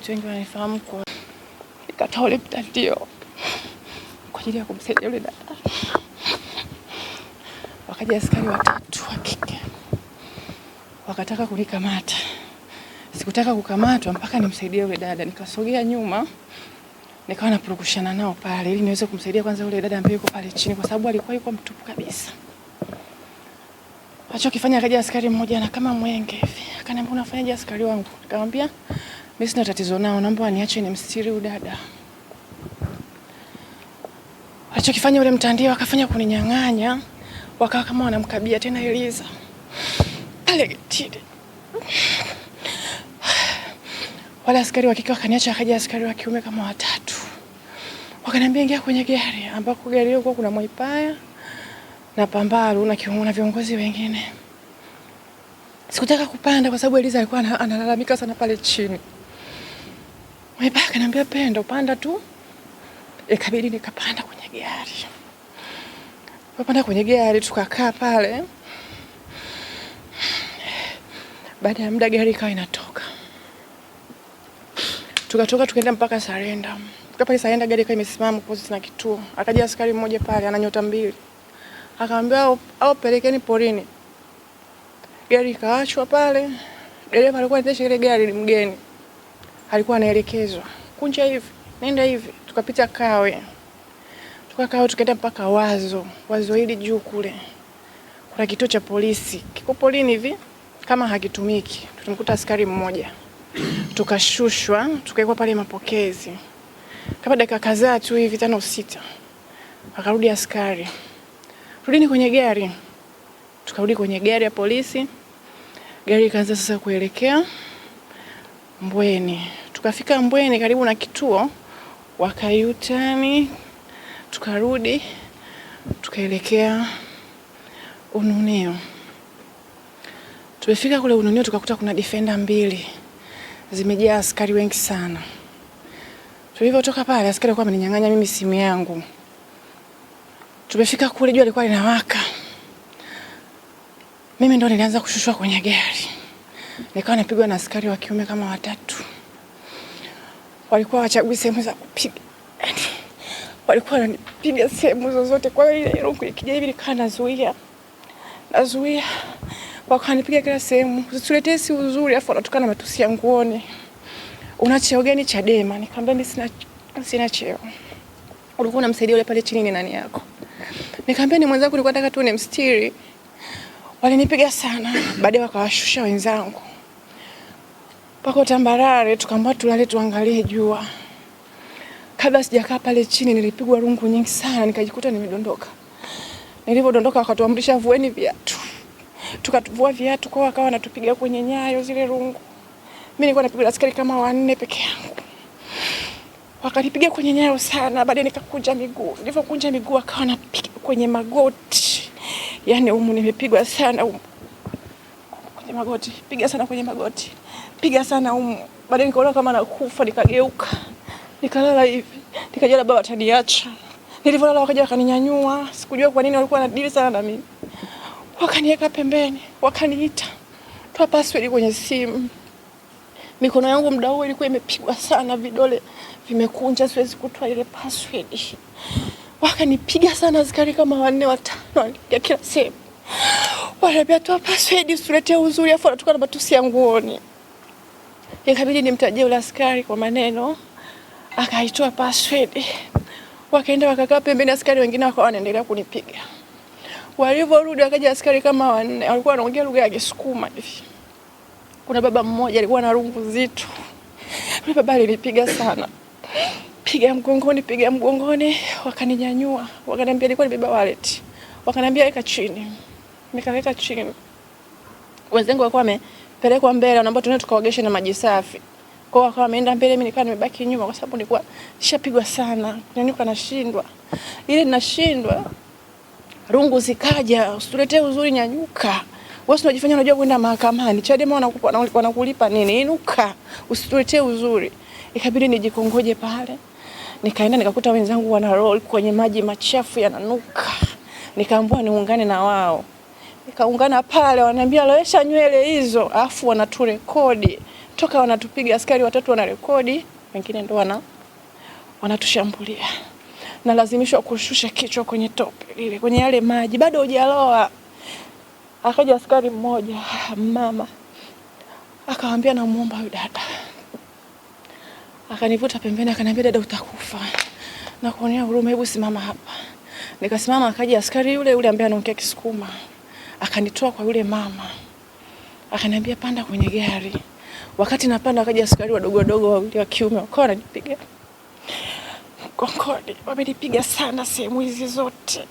watu wengi wanaifahamu kwa nikatoa ule mtandio kwa ajili ya kumsaidia yule dada. Wakaja askari watatu wa kike wakataka kunikamata. Sikutaka kukamatwa mpaka nimsaidie yule dada. Nikasogea nyuma nikawa napurukushana nao pale ili niweze kumsaidia kwanza yule dada ambaye yuko pale chini, kwa sababu alikuwa yuko mtupu kabisa. Acho kifanya, akaja askari mmoja na kama mwenge hivi akaniambia, unafanyaje askari wangu? Nikamwambia mimi sina tatizo nao, naomba niache ni mstiri udada alichokifanya ule mtandio, akafanya kuninyang'anya, wakawa kama wanamkabia tena Eliza pale getini. Wale askari wa kike wakaniacha, akaja askari wa kiume kama watatu, wakaniambia ingia kwenye gari, ambako gari hiyo kuna Mwaipaya na pambaru na kiungo na viongozi wengine. Sikutaka kupanda kwa sababu Eliza alikuwa analalamika sana pale chini. Mweba akaniambia Pendo, panda tu. Ikabidi nikapanda kwenye gari. Nikapanda kwenye gari tukakaa pale. Baada ya muda gari ikawa inatoka. Tukatoka tukaenda mpaka Sarenda. Tuka pale Sarenda gari ikawa imesimama posi na kituo. Akaja askari mmoja pale ana nyota mbili. Akaambia au pelekeni porini. Gari ikaachwa pale. Dereva alikuwa anaendesha ile gari ni mgeni alikuwa anaelekezwa kunja hivi, nenda hivi, tukapita Kawe, tukakaa tukaenda mpaka Wazo. Wazo hili juu kule kuna kituo cha polisi kiko polini hivi kama hakitumiki, tulimkuta askari mmoja, tukashushwa tukawekwa pale mapokezi kama dakika kadhaa tu hivi tano sita, akarudi askari, rudini kwenye gari. Tukarudi kwenye gari ya polisi, gari ikaanza sasa kuelekea Mbweni. Tukafika Mbweni karibu na kituo wakayutani, tukarudi tukaelekea Ununio. Tumefika kule Ununio tukakuta kuna defender mbili zimejaa askari wengi sana. Tulivyotoka pale askari alikuwa ameninyang'anya mimi simu yangu. Tumefika kule jua lilikuwa linawaka. Mimi ndo nilianza kushushwa kwenye gari nikawa napigwa na askari wa kiume kama watatu, walikuwa wachagui sehemu za kupiga, yaani, walikuwa wananipiga sehemu zozote. Kwa hiyo ile roku ikija hivi nikawa nazuia, nazuia, wakawa nipiga kila sehemu, usituletee si uzuri, afu wanatukana matusi ya nguoni. Una cheo gani Chadema? Nikamwambia mimi sina, sina cheo. Ulikuwa unamsaidia yule pale chini, ni nani yako? Nikamwambia ni mwenzangu, nilikuwa nataka tu nimstiri. Walinipiga sana, baadaye wakawashusha wenzangu pako tambarare, tukaambiwa tulale tuangalie jua. Kabla sijakaa pale chini, nilipigwa rungu nyingi sana, nikajikuta nimedondoka. Nilipodondoka wakatuamrisha vueni viatu, tukatuvua viatu kwao, wakawa wanatupiga kwenye nyayo zile rungu. Mimi nilikuwa napigwa askari kama wanne peke yangu, wakanipiga kwenye nyayo sana. Baadaye nikakunja miguu, nilipokunja miguu akawa anapiga kwenye magoti, yani umu nimepigwa sana umu. kwenye magoti, piga sana kwenye magoti piga sana umu, baadaye nikaona kama nakufa, nikageuka nikalala hivi, nikaja labda wataniacha. Nilivyolala wakaja wakaninyanyua, sikujua kwa nini walikuwa wanadili sana na mimi, wakaniweka pembeni, wakaniita toa password kwenye simu. Mikono yangu muda huo ilikuwa imepigwa sana, vidole vimekunja, siwezi kutoa ile password. Wakanipiga sana askari kama wanne watano ya kila sehemu, wanaambia toa password, usiletee uzuri, afu anatoka na matusi ya nguoni ikabidi nimtajie ule askari kwa maneno, akaitoa password, wakaenda wakakaa pembeni, askari wengine wakawa wanaendelea kunipiga. Walivyorudi wakaja askari kama wanne, walikuwa wanaongea lugha ya Kisukuma hivi. Kuna baba mmoja alikuwa na rungu zito, yule baba alinipiga sana, piga mgongoni, piga mgongoni, wakaninyanyua, wakaniambia alikuwa ni beba wallet, wakaniambia weka chini, nikaweka chini, wenzangu wakawa wame pelekwa mbele, naomba tunaenda tukaogeshe na maji safi. Kwa hiyo akawa ameenda mbele, mimi nikawa nimebaki nyuma, kwa sababu nilikuwa nishapigwa sana, nanyuka yaani nashindwa, ile nashindwa, rungu zikaja, usituletee uzuri, nyanyuka wewe, unajifanya unajua kwenda mahakamani, Chadema wanakupa wanakulipa nini? Inuka, usituletee uzuri. Ikabidi nijikongoje pale, nikaenda nikakuta wenzangu wana roll kwenye maji machafu yananuka, nikaambua niungane na wao kaungana pale, wananiambia loesha nywele hizo, afu wanaturekodi toka wanatupiga, askari watatu wanarekodi, wengine ndo wana wanatushambulia. Nalazimishwa kushusha kichwa kwenye tope lile, kwenye yale maji, bado hujaloa. Akaja askari mmoja mama, akawambia namuomba huyu dada, akanivuta pembeni, akaniambia dada, utakufa, na kuonea huruma, hebu simama hapa. Nikasimama, akaja askari yule yule ambaye anaongea Kisukuma akanitoa kwa yule mama akaniambia panda kwenye gari. Wakati napanda, wakaja askari wadogo wadogo wawili wa kiume wakawa wananipiga konkoni, wamenipiga sana sehemu hizi zote,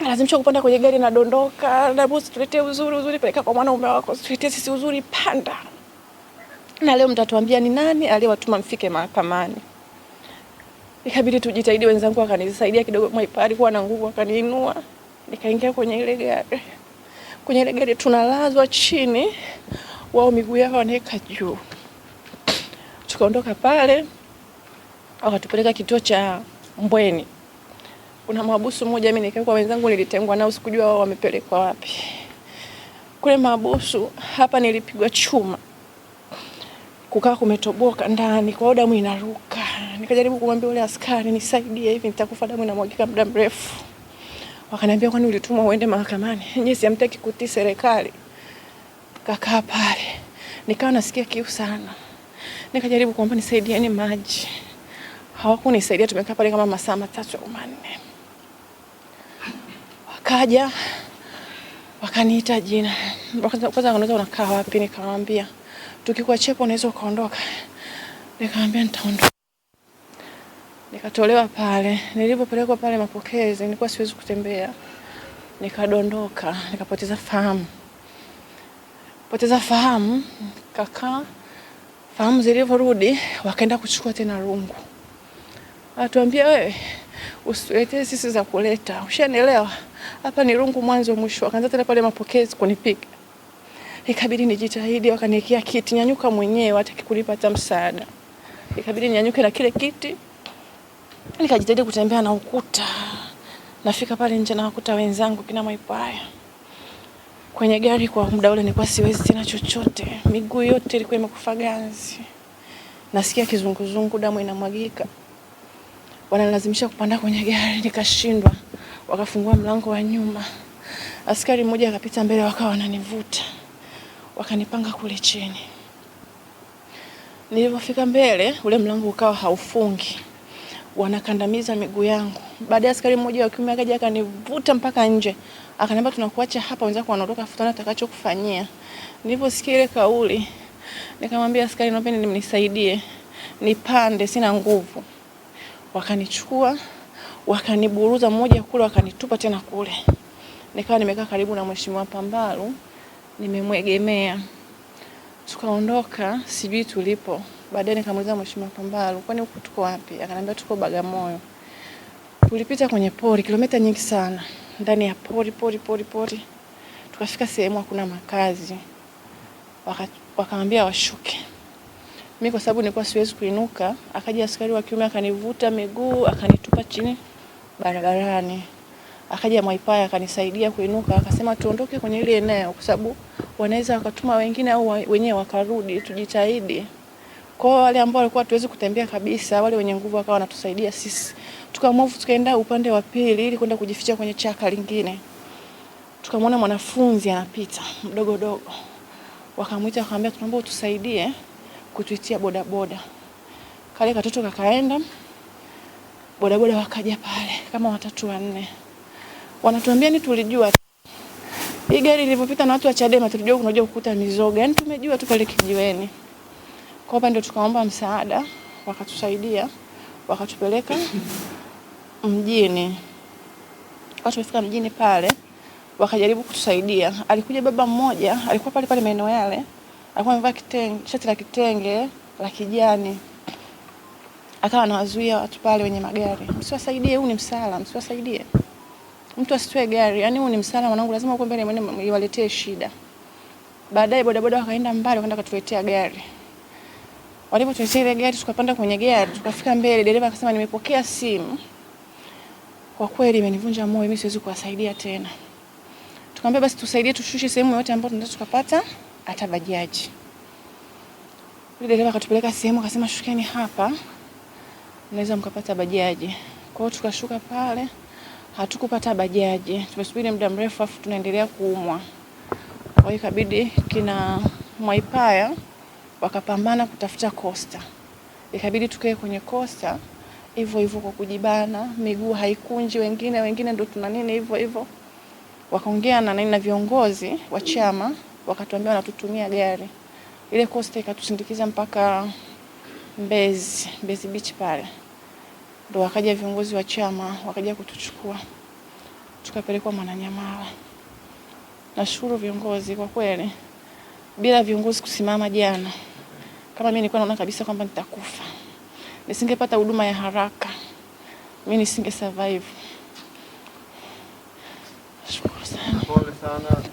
lazimsha kupanda kwenye gari, nadondoka. Nabu, situletee uzuri, uzuri peleka kwa mwanaume wako, situletee sisi uzuri, panda. Na leo mtatuambia ni nani aliyewatuma mfike mahakamani. Ikabidi tujitahidi, wenzangu akanisaidia kidogo, Mwaipari kuwa na nguvu, akaniinua nikaingia kwenye ile gari. Kwenye ile gari tunalazwa chini, wao miguu yao wanaweka juu. Tukaondoka pale, wakatupeleka kituo cha Mbweni. Kuna mabusu mmoja, mimi nikawekwa, wenzangu nilitengwa nao, sikujua wao wamepelekwa wapi. Kule mabusu hapa nilipigwa chuma, kukaa kumetoboka ndani, kwa damu inaruka. Nikajaribu kumwambia ule askari nisaidie, hivi nitakufa, damu inamwagika muda mrefu. Wakaniambia kwani ulitumwa uende mahakamani? si hamtaki kutii serikali. Kakaa pale. Nikawa nasikia kiu sana. Nikajaribu kuomba nisaidieni maji. Hawakunisaidia, tumekaa pale kama masaa matatu au manne. Wakaja wakaniita jina. Kwanza wanauza unakaa wapi? Nikamwambia tukikuachepa unaweza ukaondoka. Nikamwambia nitaondoka nikatolewa pale. Nilipopelekwa pale mapokezi, nilikuwa siwezi kutembea, nikadondoka, nikapoteza fahamu. Poteza fahamu kaka, fahamu zilivyorudi, wakaenda kuchukua tena rungu, atuambia wewe usiletee sisi za kuleta, ushanielewa? Hapa ni rungu mwanzo mwisho. Akaanza tena pale mapokezi kunipiga, ikabidi nijitahidi, wakaniekea kiti, nyanyuka mwenyewe, hata kikulipa hata msaada, ikabidi nyanyuke na kile kiti Nikajitahidi kutembea na ukuta, nafika pale nje nawakuta wenzangu kina Mwaipaya kwenye gari. Kwa muda ule nilikuwa siwezi tena chochote, miguu yote ilikuwa imekufa ganzi, nasikia kizunguzungu, damu inamwagika. Wanalazimisha kupanda kwenye gari, nikashindwa. Wakafungua mlango wa nyuma, askari mmoja akapita mbele, wakawa wananivuta, wakanipanga kule chini. Nilipofika mbele, ule mlango ukawa haufungi wanakandamiza miguu yangu. Baadaye askari mmoja wa kiume akaja akanivuta mpaka nje, akaniambia tunakuacha hapa, wenzako wanaondoka, afuatana atakachokufanyia. Niliposikia ile kauli, nikamwambia askari, naomba nisaidie nipande, sina nguvu. Wakanichukua wakaniburuza mmoja kule, wakanitupa tena kule. Nikawa nimekaa karibu na mheshimiwa Pambalu, nimemwegemea. Tukaondoka, sijui tulipo. Baadaye nikamuuliza Mheshimiwa Pambalu, kwani huko tuko wapi? Akaniambia tuko Bagamoyo. Tulipita kwenye pori kilomita nyingi sana, ndani ya pori pori pori pori, tukafika sehemu hakuna makazi, wakamwambia waka washuke. Mimi kwa sababu nilikuwa siwezi kuinuka, akaja askari wa kiume akanivuta miguu akanitupa chini barabarani. Akaja Mwaipaya akanisaidia kuinuka, akasema tuondoke kwenye ile eneo, kwa sababu wanaweza wakatuma wengine au wenyewe wakarudi, tujitahidi. Kwa hiyo wale ambao walikuwa hatuwezi kutembea kabisa, wale wenye nguvu wakawa wanatusaidia sisi, tukamove tukaenda upande wa pili ili kwenda kujificha kwenye chaka lingine. Tukamwona mwanafunzi anapita mdogo dogo, wakamwita wakamwambia, tunaomba utusaidie kutuitia bodaboda. Kale katoto kakaenda bodaboda, wakaja pale kama watatu wanne, wanatuambia ni yaani tulijua hii gari lilivyopita na watu wa Chadema tulijua kunakuja kukuta mizoga, yani tumejua tu pale kijiweni. Kwa hiyo ndio tukaomba msaada, wakatusaidia, wakatupeleka mjini. Watu wafika mjini pale, wakajaribu kutusaidia. Alikuja baba mmoja, alikuwa pale pale maeneo yale, alikuwa amevaa kitenge, shati la kitenge la kijani, akawa anawazuia watu pale wenye magari, msiwasaidie, huu ni msala, msiwasaidie mtu asitoe gari, yani huu ni msala mwanangu, lazima uko mbele, mwende iwaletee shida. Baadaye bodaboda wakaenda mbali, wakaenda katuletea gari. Walipotuletea ile gari tukapanda kwenye gari, tukafika mbele, dereva akasema nimepokea simu. Kwa kweli imenivunja moyo, mimi siwezi kuwasaidia tena. Tukamwambia basi tusaidie tushushe sehemu yote ambayo tunataka tukapata hata bajaji. Yule dereva akatupeleka sehemu akasema shukeni hapa. Mnaweza mkapata bajaji. Kwa hiyo tukashuka pale, hatukupata bajaji. Tumesubiri muda mrefu afu tunaendelea kuumwa. Kwa hiyo ikabidi kina Mwaipaya wakapambana kutafuta kosta, ikabidi tukae kwenye kosta hivyo hivyo kwa kujibana, miguu haikunji, wengine wengine ndo tuna nini hivyo hivyo. Wakaongea na nani na viongozi wa chama, wakatuambia wanatutumia gari. Ile kosta ikatusindikiza mpaka Mbezi, Mbezi Beach pale. Ndo wakaja viongozi wa chama, wakaja kutuchukua. Tukapelekwa Mwananyamala. Nashukuru viongozi kwa kweli. Bila viongozi kusimama jana kama mimi nilikuwa naona kabisa kwamba nitakufa, nisingepata huduma ya haraka, mimi nisinge survive. Shukrani sana. Pole sana.